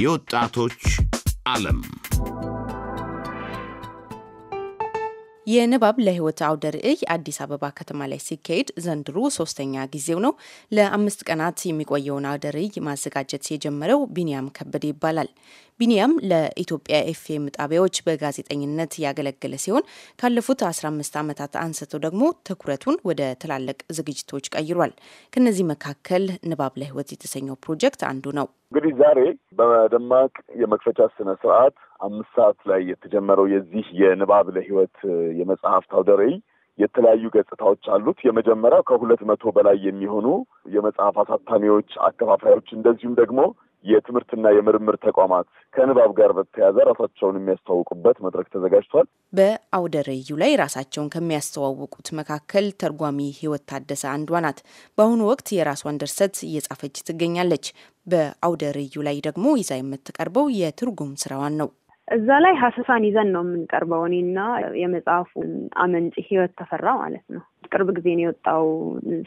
የወጣቶች ዓለም የንባብ ለህይወት አውደ ርዕይ አዲስ አበባ ከተማ ላይ ሲካሄድ ዘንድሮ ሶስተኛ ጊዜው ነው። ለአምስት ቀናት የሚቆየውን አውደ ርዕይ ማዘጋጀት የጀመረው ቢንያም ከበደ ይባላል። ቢኒያም ለኢትዮጵያ ኤፍኤም ጣቢያዎች በጋዜጠኝነት ያገለገለ ሲሆን ካለፉት 15 ዓመታት አንስቶ ደግሞ ትኩረቱን ወደ ትላልቅ ዝግጅቶች ቀይሯል። ከነዚህ መካከል ንባብ ለህይወት የተሰኘው ፕሮጀክት አንዱ ነው። እንግዲህ ዛሬ በደማቅ የመክፈቻ ስነ ስርዓት አምስት ሰዓት ላይ የተጀመረው የዚህ የንባብ ለህይወት የመጽሐፍት አውደ ርዕይ የተለያዩ ገጽታዎች አሉት። የመጀመሪያው ከሁለት መቶ በላይ የሚሆኑ የመጽሐፍ አሳታሚዎች፣ አከፋፋዮች እንደዚሁም ደግሞ የትምህርትና የምርምር ተቋማት ከንባብ ጋር በተያያዘ ራሳቸውን የሚያስተዋውቁበት መድረክ ተዘጋጅቷል። በአውደ ርዕዩ ላይ ራሳቸውን ከሚያስተዋውቁት መካከል ተርጓሚ ህይወት ታደሰ አንዷ ናት። በአሁኑ ወቅት የራሷን ድርሰት እየጻፈች ትገኛለች። በአውደ ርዕዩ ላይ ደግሞ ይዛ የምትቀርበው የትርጉም ስራዋን ነው። እዛ ላይ ሀሰሳን ይዘን ነው የምንቀርበው። እኔና የመጽሐፉን አመንጭ ህይወት ተፈራ ማለት ነው። ቅርብ ጊዜ ነው የወጣው፣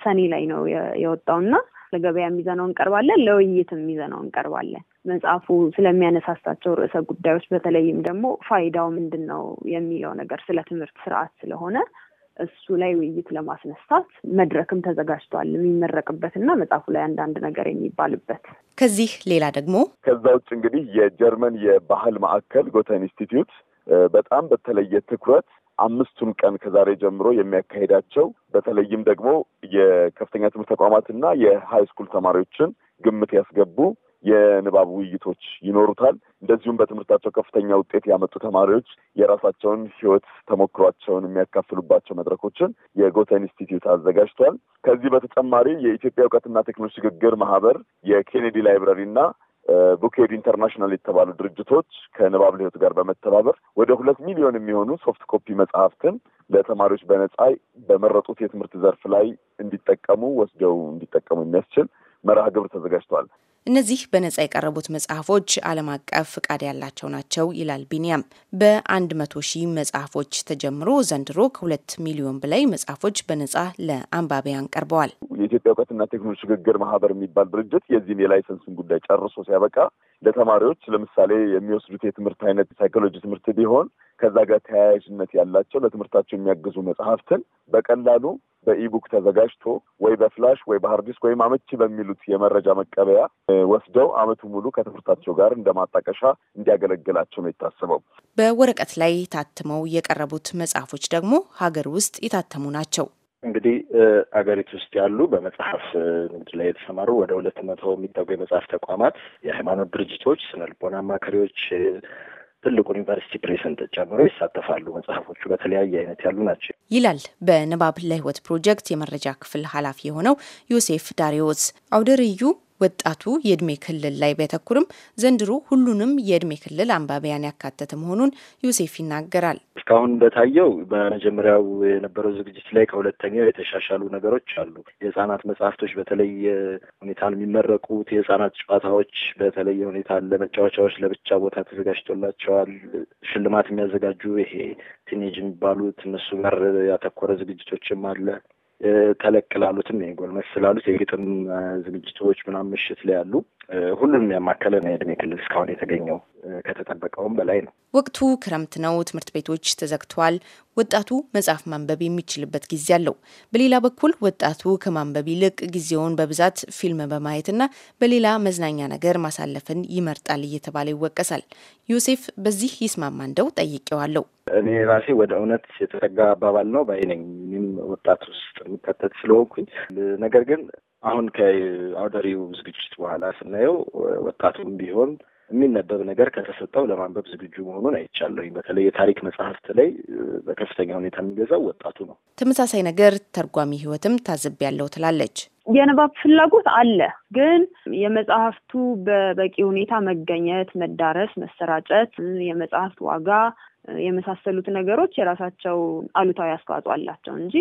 ሰኔ ላይ ነው የወጣው እና ለገበያ የሚዘነው እንቀርባለን፣ ለውይይትም የሚዘነው እንቀርባለን። መጽሐፉ ስለሚያነሳሳቸው ርዕሰ ጉዳዮች በተለይም ደግሞ ፋይዳው ምንድን ነው የሚለው ነገር ስለ ትምህርት ስርዓት ስለሆነ እሱ ላይ ውይይት ለማስነሳት መድረክም ተዘጋጅቷል። የሚመረቅበት እና መጽሐፉ ላይ አንዳንድ ነገር የሚባልበት ከዚህ ሌላ ደግሞ ከዛ ውጭ እንግዲህ የጀርመን የባህል ማዕከል ጎተን ኢንስቲትዩት በጣም በተለየ ትኩረት አምስቱን ቀን ከዛሬ ጀምሮ የሚያካሄዳቸው በተለይም ደግሞ የከፍተኛ ትምህርት ተቋማትና የሀይ ስኩል ተማሪዎችን ግምት ያስገቡ የንባብ ውይይቶች ይኖሩታል። እንደዚሁም በትምህርታቸው ከፍተኛ ውጤት ያመጡ ተማሪዎች የራሳቸውን ሕይወት ተሞክሯቸውን የሚያካፍሉባቸው መድረኮችን የጎተን ኢንስቲትዩት አዘጋጅቷል። ከዚህ በተጨማሪ የኢትዮጵያ እውቀትና ቴክኖሎጂ ሽግግር ማህበር የኬኔዲ ላይብራሪ እና ቡኬድ ኢንተርናሽናል የተባሉ ድርጅቶች ከንባብ ልህይወት ጋር በመተባበር ወደ ሁለት ሚሊዮን የሚሆኑ ሶፍት ኮፒ መጽሐፍትን ለተማሪዎች በነጻ በመረጡት የትምህርት ዘርፍ ላይ እንዲጠቀሙ ወስደው እንዲጠቀሙ የሚያስችል መርሃ ግብር ተዘጋጅተዋል። እነዚህ በነጻ የቀረቡት መጽሐፎች ዓለም አቀፍ ፍቃድ ያላቸው ናቸው ይላል ቢኒያም። በ100 ሺህ መጽሐፎች ተጀምሮ ዘንድሮ ከሁለት ሚሊዮን በላይ መጽሐፎች በነጻ ለአንባቢያን ቀርበዋል። የኢትዮጵያ እውቀትና ቴክኖሎጂ ሽግግር ማህበር የሚባል ድርጅት የዚህን የላይሰንስን ጉዳይ ጨርሶ ሲያበቃ ለተማሪዎች ለምሳሌ የሚወስዱት የትምህርት አይነት ሳይኮሎጂ ትምህርት ቢሆን ከዛ ጋር ተያያዥነት ያላቸው ለትምህርታቸው የሚያግዙ መጽሐፍትን በቀላሉ በኢቡክ ተዘጋጅቶ ወይ በፍላሽ ወይ በሀርድ ዲስክ ወይም አመቺ በሚሉት የመረጃ መቀበያ ወስደው አመቱ ሙሉ ከትምህርታቸው ጋር እንደ ማጣቀሻ እንዲያገለግላቸው ነው የታስበው። በወረቀት ላይ ታትመው የቀረቡት መጽሐፎች ደግሞ ሀገር ውስጥ የታተሙ ናቸው። እንግዲህ አገሪቱ ውስጥ ያሉ በመጽሐፍ ንግድ ላይ የተሰማሩ ወደ ሁለት መቶ የሚጠጉ የመጽሐፍ ተቋማት፣ የሃይማኖት ድርጅቶች፣ ስነልቦና አማካሪዎች ትልቁን ዩኒቨርሲቲ ፕሬስን ጨምሮ ይሳተፋሉ። መጽሐፎቹ በተለያየ አይነት ያሉ ናቸው። ይላል በንባብ ለህይወት ፕሮጀክት የመረጃ ክፍል ኃላፊ የሆነው ዮሴፍ ዳሪዎስ። አውደ ርዕዩ ወጣቱ የእድሜ ክልል ላይ ቢያተኩርም ዘንድሮ ሁሉንም የእድሜ ክልል አንባቢያን ያካተተ መሆኑን ዮሴፍ ይናገራል። እስካሁን በታየው በመጀመሪያው የነበረው ዝግጅት ላይ ከሁለተኛው የተሻሻሉ ነገሮች አሉ። የህጻናት መጽሐፍቶች በተለየ ሁኔታ የሚመረቁት፣ የህጻናት ጨዋታዎች በተለየ ሁኔታ ለመጫወቻዎች ለብቻ ቦታ ተዘጋጅቶላቸዋል። ሽልማት የሚያዘጋጁ ይሄ ቲኔጅ የሚባሉት እነሱ ጋር ያተኮረ ዝግጅቶችም አለ። ተለቅ ላሉትም የጎልመስ ስላሉት የግጥም ዝግጅቶች ምናምን ምሽት ላይ ያሉ ሁሉንም ያማከለ ነው የእድሜ ክልል እስካሁን የተገኘው ከተጠበቀውም በላይ ነው። ወቅቱ ክረምት ነው። ትምህርት ቤቶች ተዘግተዋል። ወጣቱ መጽሐፍ ማንበብ የሚችልበት ጊዜ አለው። በሌላ በኩል ወጣቱ ከማንበብ ይልቅ ጊዜውን በብዛት ፊልም በማየትና በሌላ መዝናኛ ነገር ማሳለፍን ይመርጣል እየተባለ ይወቀሳል። ዮሴፍ በዚህ ይስማማ እንደው ጠይቄዋለሁ። እኔ ራሴ ወደ እውነት የተጠጋ አባባል ነው ባይ እኔም ወጣት ውስጥ የሚከተት ስለሆንኩኝ ነገር ግን አሁን ከአውደሪው ዝግጅት በኋላ ስናየው ወጣቱም ቢሆን የሚነበብ ነገር ከተሰጠው ለማንበብ ዝግጁ መሆኑን አይቻለሁ። በተለይ የታሪክ መጽሐፍት ላይ በከፍተኛ ሁኔታ የሚገዛው ወጣቱ ነው። ተመሳሳይ ነገር ተርጓሚ ህይወትም ታዘብ ያለው ትላለች። የንባብ ፍላጎት አለ፣ ግን የመጽሐፍቱ በበቂ ሁኔታ መገኘት፣ መዳረስ፣ መሰራጨት፣ የመጽሐፍት ዋጋ የመሳሰሉት ነገሮች የራሳቸው አሉታዊ አስተዋጽኦ አላቸው እንጂ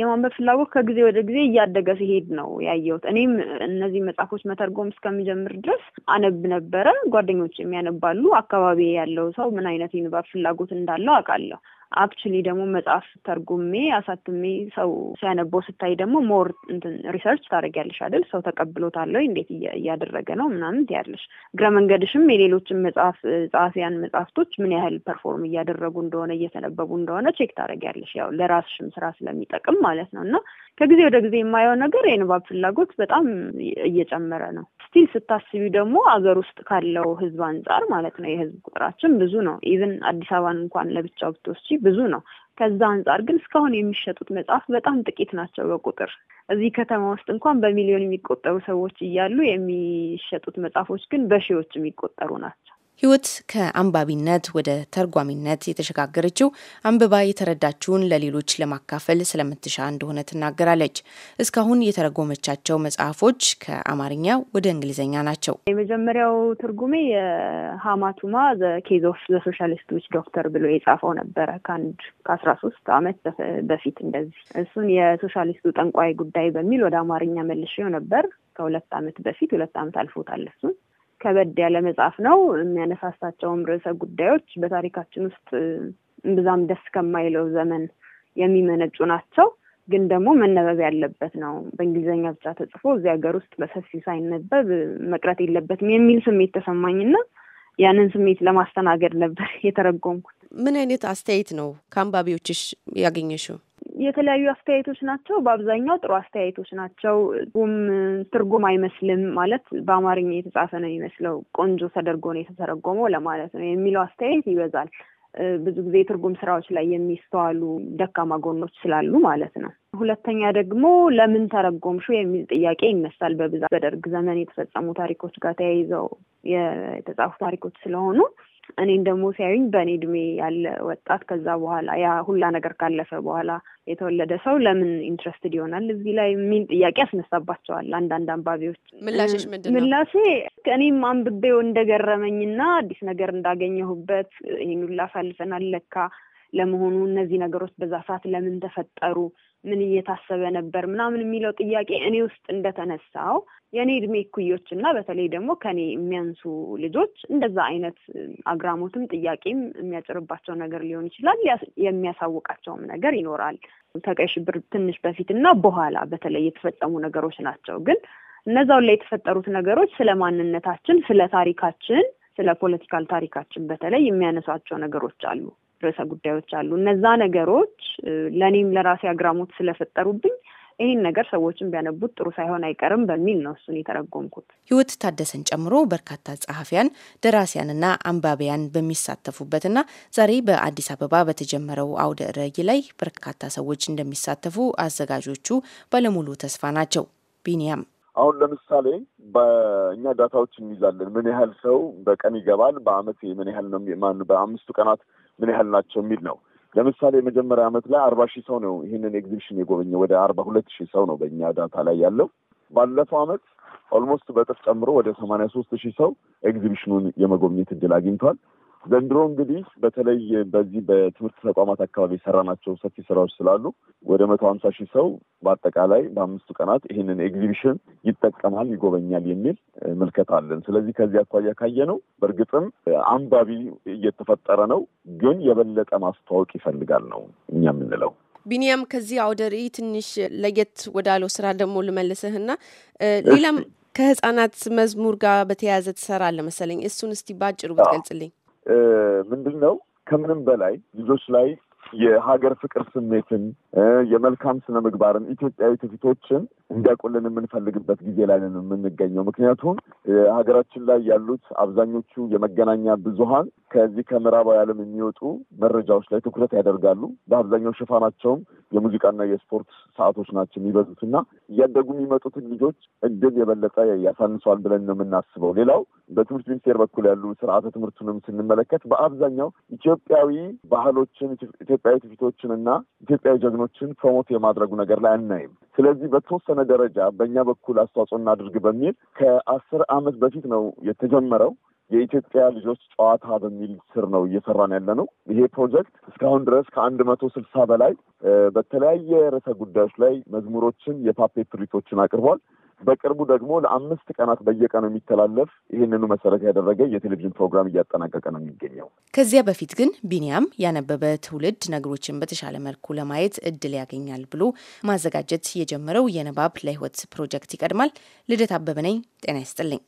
የማንበብ ፍላጎት ከጊዜ ወደ ጊዜ እያደገ ሲሄድ ነው ያየሁት። እኔም እነዚህ መጽሐፎች መተርጎም እስከሚጀምር ድረስ አነብ ነበረ። ጓደኞች የሚያነባሉ፣ አካባቢ ያለው ሰው ምን አይነት የንባብ ፍላጎት እንዳለው አውቃለሁ። አክቹሊ ደግሞ መጽሐፍ ስተርጉሜ አሳትሜ ሰው ሲያነበው ስታይ ደግሞ ሞር እንትን ሪሰርች ታደርጊያለሽ አይደል? ሰው ተቀብሎታል ወይ እንዴት እያደረገ ነው ምናምን ትያለሽ። እግረ መንገድሽም የሌሎችን መጽሐፍ ጸሐፊያን መጽሐፍቶች ምን ያህል ፐርፎርም እያደረጉ እንደሆነ እየተነበቡ እንደሆነ ቼክ ታደርጊያለሽ። ያው ለራስሽም ስራ ስለሚጠቅም ማለት ነው እና ከጊዜ ወደ ጊዜ የማየው ነገር የንባብ ፍላጎት በጣም እየጨመረ ነው። ስቲል ስታስቢ ደግሞ አገር ውስጥ ካለው ህዝብ አንጻር ማለት ነው የህዝብ ቁጥራችን ብዙ ነው። ኢቭን አዲስ አበባን እንኳን ለብቻ ብትወስጂ ብዙ ነው። ከዛ አንጻር ግን እስካሁን የሚሸጡት መጽሐፍ በጣም ጥቂት ናቸው በቁጥር። እዚህ ከተማ ውስጥ እንኳን በሚሊዮን የሚቆጠሩ ሰዎች እያሉ የሚሸጡት መጽሐፎች ግን በሺዎች የሚቆጠሩ ናቸው። ህይወት ከአንባቢነት ወደ ተርጓሚነት የተሸጋገረችው አንብባ የተረዳችውን ለሌሎች ለማካፈል ስለምትሻ እንደሆነ ትናገራለች። እስካሁን የተረጎመቻቸው መጽሐፎች ከአማርኛ ወደ እንግሊዝኛ ናቸው። የመጀመሪያው ትርጉሜ የሀማቱማ ዘ ኬዝ ኦፍ ዘ ሶሻሊስቶች ዶክተር ብሎ የጻፈው ነበረ ከአንድ ከአስራ ሶስት አመት በፊት እንደዚህ። እሱን የሶሻሊስቱ ጠንቋይ ጉዳይ በሚል ወደ አማርኛ መልሼው ነበር ከሁለት አመት በፊት ሁለት አመት አልፎታል እሱን ከበድ ያለ መጽሐፍ ነው። የሚያነሳሳቸውም ርዕሰ ጉዳዮች በታሪካችን ውስጥ እምብዛም ደስ ከማይለው ዘመን የሚመነጩ ናቸው። ግን ደግሞ መነበብ ያለበት ነው። በእንግሊዝኛ ብቻ ተጽፎ እዚህ ሀገር ውስጥ በሰፊው ሳይነበብ መቅረት የለበትም የሚል ስሜት ተሰማኝና ያንን ስሜት ለማስተናገድ ነበር የተረጎምኩት። ምን አይነት አስተያየት ነው ከአንባቢዎችሽ ያገኘሽው? የተለያዩ አስተያየቶች ናቸው። በአብዛኛው ጥሩ አስተያየቶች ናቸው። ጉም ትርጉም አይመስልም ማለት በአማርኛ የተጻፈ ነው የሚመስለው ቆንጆ ተደርጎ ነው የተተረጎመው ለማለት ነው የሚለው አስተያየት ይበዛል። ብዙ ጊዜ የትርጉም ስራዎች ላይ የሚስተዋሉ ደካማ ጎኖች ስላሉ ማለት ነው። ሁለተኛ ደግሞ ለምን ተረጎምሹ የሚል ጥያቄ ይነሳል። በብዛት በደርግ ዘመን የተፈጸሙ ታሪኮች ጋር ተያይዘው የተጻፉ ታሪኮች ስለሆኑ እኔን ደግሞ ሲያዩኝ በእኔ እድሜ ያለ ወጣት ከዛ በኋላ ያ ሁላ ነገር ካለፈ በኋላ የተወለደ ሰው ለምን ኢንትረስትድ ይሆናል እዚህ ላይ የሚል ጥያቄ ያስነሳባቸዋል አንዳንድ አንባቢዎች። ምላሽሽ እኔም አንብቤው እንደገረመኝና አዲስ ነገር እንዳገኘሁበት ይህን ሁላ አሳልፈናል ለካ ለመሆኑ እነዚህ ነገሮች በዛ ሰዓት ለምን ተፈጠሩ፣ ምን እየታሰበ ነበር ምናምን የሚለው ጥያቄ እኔ ውስጥ እንደተነሳው የእኔ እድሜ እኩዮች እና በተለይ ደግሞ ከኔ የሚያንሱ ልጆች እንደዛ አይነት አግራሞትም ጥያቄም የሚያጭርባቸው ነገር ሊሆን ይችላል። የሚያሳውቃቸውም ነገር ይኖራል። ከቀይ ሽብር ትንሽ በፊት እና በኋላ በተለይ የተፈጸሙ ነገሮች ናቸው። ግን እነዛው ላይ የተፈጠሩት ነገሮች ስለ ማንነታችን፣ ስለ ታሪካችን፣ ስለ ፖለቲካል ታሪካችን በተለይ የሚያነሷቸው ነገሮች አሉ። ርዕሰ ጉዳዮች አሉ። እነዛ ነገሮች ለእኔም ለራሴ አግራሞት ስለፈጠሩብኝ ይህን ነገር ሰዎችን ቢያነቡት ጥሩ ሳይሆን አይቀርም በሚል ነው እሱን የተረጎምኩት። ህይወት ታደሰን ጨምሮ በርካታ ጸሐፊያን፣ ደራሲያንና አንባቢያን በሚሳተፉበትና ዛሬ በአዲስ አበባ በተጀመረው አውደ ርዕይ ላይ በርካታ ሰዎች እንደሚሳተፉ አዘጋጆቹ ባለሙሉ ተስፋ ናቸው። ቢኒያም አሁን ለምሳሌ በእኛ ዳታዎች እንይዛለን። ምን ያህል ሰው በቀን ይገባል? በአመት ምን ያህል ነው? በአምስቱ ቀናት ምን ያህል ናቸው የሚል ነው። ለምሳሌ የመጀመሪያ ዓመት ላይ አርባ ሺህ ሰው ነው ይህንን ኤግዚቢሽን የጎበኘ ወደ አርባ ሁለት ሺህ ሰው ነው በእኛ ዳታ ላይ ያለው። ባለፈው ዓመት ኦልሞስት በጥፍ ጨምሮ ወደ ሰማንያ ሶስት ሺህ ሰው ኤግዚቢሽኑን የመጎብኘት እድል አግኝቷል። ዘንድሮ እንግዲህ በተለይ በዚህ በትምህርት ተቋማት አካባቢ የሰራናቸው ሰፊ ስራዎች ስላሉ ወደ መቶ ሀምሳ ሺህ ሰው በአጠቃላይ በአምስቱ ቀናት ይህንን ኤግዚቢሽን ይጠቀማል፣ ይጎበኛል የሚል ምልከታ አለን። ስለዚህ ከዚህ አኳያ ካየ ነው በእርግጥም አንባቢ እየተፈጠረ ነው፣ ግን የበለጠ ማስተዋወቅ ይፈልጋል ነው እኛ የምንለው። ቢኒያም ከዚህ አውደ ርዕይ ትንሽ ለየት ወዳለው ስራ ደግሞ ልመልስህና ሌላም ከህጻናት መዝሙር ጋር በተያያዘ ትሰራለህ መሰለኝ። እሱን እስቲ ባጭሩ ብትገልጽልኝ። ምንድን ነው ከምንም በላይ ልጆች ላይ የሀገር ፍቅር ስሜትን፣ የመልካም ስነ ምግባርን፣ ኢትዮጵያዊ ትውፊቶችን እንዲያቆልን የምንፈልግበት ጊዜ ላይ ነን የምንገኘው። ምክንያቱም ሀገራችን ላይ ያሉት አብዛኞቹ የመገናኛ ብዙሀን ከዚህ ከምዕራባዊ ዓለም የሚወጡ መረጃዎች ላይ ትኩረት ያደርጋሉ። በአብዛኛው ሽፋናቸውም የሙዚቃና የስፖርት ሰዓቶች ናቸው የሚበዙት እና እያደጉ የሚመጡትን ልጆች እድል የበለጠ ያሳንሰዋል ብለን ነው የምናስበው። ሌላው በትምህርት ሚኒስቴር በኩል ያሉ ስርዓተ ትምህርቱንም ስንመለከት በአብዛኛው ኢትዮጵያዊ ባህሎችን ኢትዮጵያዊ ትውፊቶችንና ኢትዮጵያዊ ጀግኖችን ፕሮሞት የማድረጉ ነገር ላይ አናይም። ስለዚህ በተወሰነ ደረጃ በእኛ በኩል አስተዋጽኦ እናድርግ በሚል ከአስር ዓመት በፊት ነው የተጀመረው የኢትዮጵያ ልጆች ጨዋታ በሚል ስር ነው እየሰራን ያለ ነው። ይሄ ፕሮጀክት እስካሁን ድረስ ከአንድ መቶ ስልሳ በላይ በተለያየ ርዕሰ ጉዳዮች ላይ መዝሙሮችን፣ የፓፔ ትርኢቶችን አቅርቧል። በቅርቡ ደግሞ ለአምስት ቀናት በየቀኑ የሚተላለፍ ይህንኑ መሰረት ያደረገ የቴሌቪዥን ፕሮግራም እያጠናቀቀ ነው የሚገኘው። ከዚያ በፊት ግን ቢኒያም ያነበበ ትውልድ ነገሮችን በተሻለ መልኩ ለማየት እድል ያገኛል ብሎ ማዘጋጀት የጀመረው የንባብ ለህይወት ፕሮጀክት ይቀድማል። ልደት አበበ ነኝ። ጤና ይስጥልኝ።